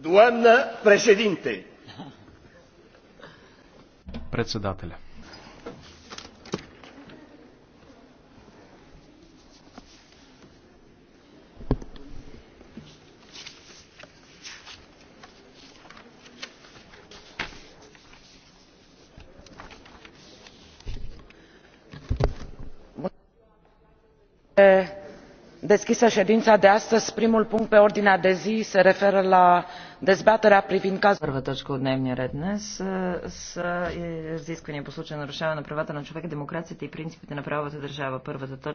Doamnă președinte! Председателя. deschisă ședința de astăzi primul punct pe ordinea de zi se referă la dezbaterea приvind cazul. Първа точка от дневния ред днес са разисквания по случая нарушаване на правата на човека, демокрацията и принципите на правовата държава. Първата точка